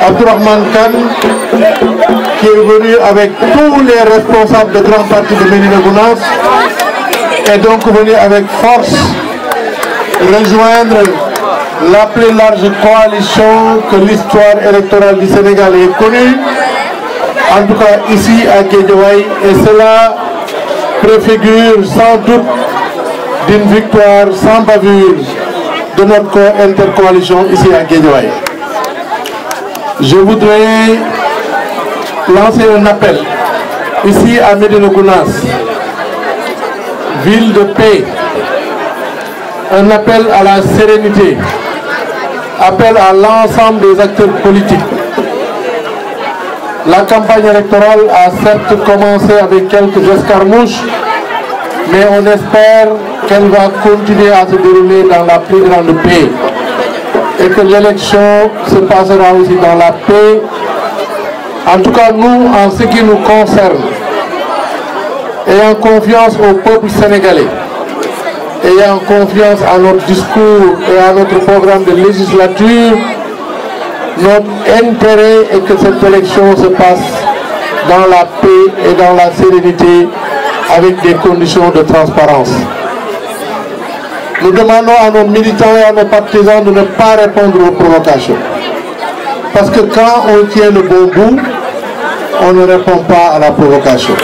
Abdourahman Khan, qui est venu avec tous les responsables de grands partis de Ménil est donc venu avec force rejoindre la plus large coalition que l'histoire électorale du Sénégal ait connue, en tout cas ici à Guédiouaï, et cela préfigure sans doute d'une victoire sans bavure de notre intercoalition ici à Guédiouaï. Je voudrais lancer un appel ici à Medina ville de paix, un appel à la sérénité, appel à l'ensemble des acteurs politiques. La campagne électorale a certes commencé avec quelques escarmouches, mais on espère qu'elle va continuer à se dérouler dans la plus grande paix et que l'élection se passera aussi dans la paix. En tout cas, nous, en ce qui nous concerne, ayant confiance au peuple sénégalais, ayant confiance à notre discours et à notre programme de législature, notre intérêt est que cette élection se passe dans la paix et dans la sérénité avec des conditions de transparence. Nous demandons à nos militants et à nos partisans de ne pas répondre aux provocations. Parce que quand on tient le bon bout, on ne répond pas à la provocation.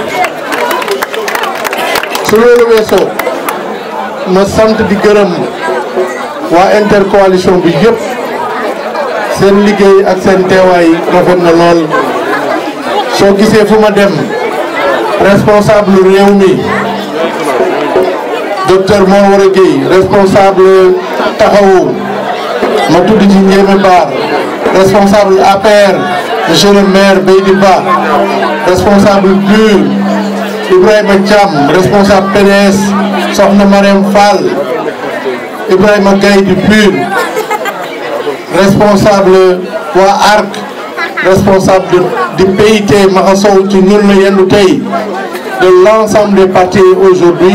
Sur le vaisseau, ma sant di gërëm waa intercoalition bi Yop, c'est liggéey ak seen teewaay rafet lool responsable de réunion docteur Mawore responsable taxawu ma tudd ci responsable APR monsieur le maire Beydi responsable PUR Ibrahim Cham, responsable PDS Soxna Marème Ibrahim Ibrahima du responsable waa ARC responsable du PIT Maxa qui nous de l'ensemble des partis aujourd'hui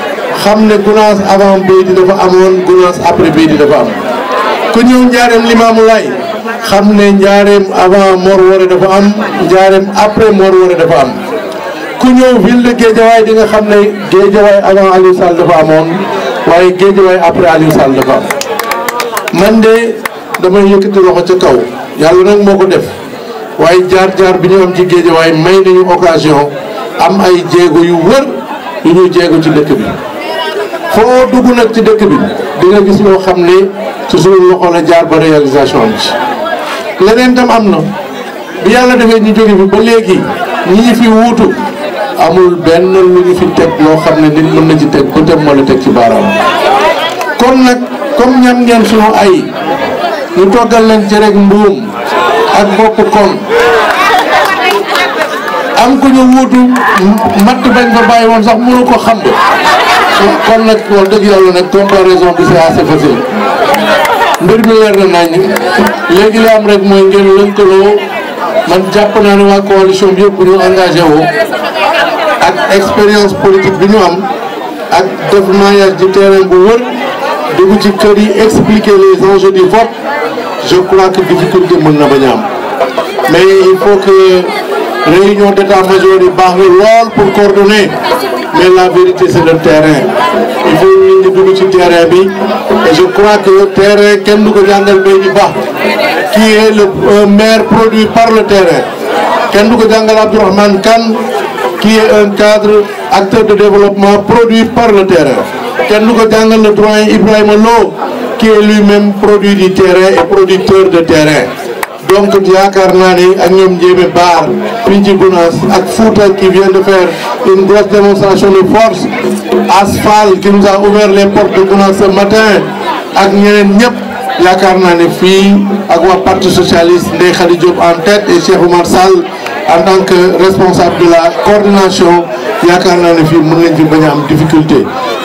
xam ne Gounass avant Béyti dafa amoon Gounass après Béyti dafa am ku ñëw njaareem Limaamu Laay xam ne njaareem avant Mor Woré dafa am njaareem après Mor Woré dafa am ku ñëw ville de Guédiawaye nga xam ne Guédiawaye avant Aliou dafa amoon waaye Guédiawaye après Aliou Sall dafa am man de damay yëkkati loxo ca kaw yàlla nag moo ko def waaye jaar-jaar bi ñu am ci Guédiawaye may nañu occasion am ay jéego yu wër yu ñuy jéego ci dëkk bi foo dugg nag ci dëkk bi di nga gis loo xam ne ci suñu loxo la jaar ba réalisation am leneen tam am na bi yàlla defee ni jóge bi ba léegi ñi fi wuutu amul benn lu ñu fi teg loo xam ne nit mën na ci teg bu teg moo la teg ci baaraam kon nag comme ñam ngeen suñu ay ñu toggal leen ci rek mbuum ak bopp kon am ku ñu wuutu matt bañ fa bàyyi woon sax mënu ko xam kon nag wax dëgg yàlla nag comparaison bi c'est assez facile mbir mi leer na nañ léegi li am rek mooy ngeen lëkkaloo man jàpp naa ne waa coalition bi yëpp bu ñu engagé woo ak expérience politique bi ñu am ak def maillage du terrain bu wër dugg ci kër yi expliquer les enjeux du vote je crois que difficulté mën na bañ a mais il faut que réunion d'état-major baax na lool pour coordonner mais la vérité c'est le terrain il faut une de terrain et je crois que le terrain qui est le maire produit par le terrain qui est un cadre acteur de développement produit par le terrain ko le qui est lui-même produit du terrain et producteur de terrain donc yaakaar naa ni ak ñoom Ndiémé Baar Pinci Bounas ak Fouta qui vient de faire une grosse démonstration de force Asphal qui nous a ouvert les portes de Bounas ce matin ak ñeneen ñëpp yaakaar naa ni fii ak waa parti socialiste Ndeye Khady Diop en tête et Cheikh Oumar Sall en tant que responsable de la coordination yaakaar naa ne fii mën nañ fi bañ a am difficulté.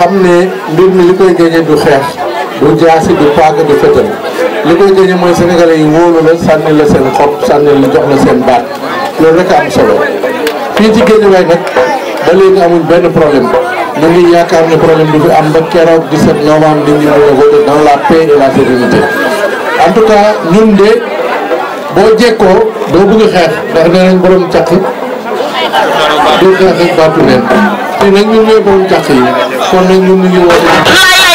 xam ne mbir mi li koy génne du xeex du jaasi du paaka du fetal li koy génne mooy sénégalais yi wóolu la sànni la seen xob sànni la jox la seen baat loolu rek am solo fii ci Guédiawaye nag ba léegi amuñ benn problème ñu ngi yaakaar ne problème du fi am ba keroog 17 novembre di ñu mën a voté la paix et la sérénité en tout cas ñun de boo jekkoo doo bëgg xeex ndax nee nañ borom caq du xeex ak baatu neen yi nag ñun ñooy borom jàkk yi kon nag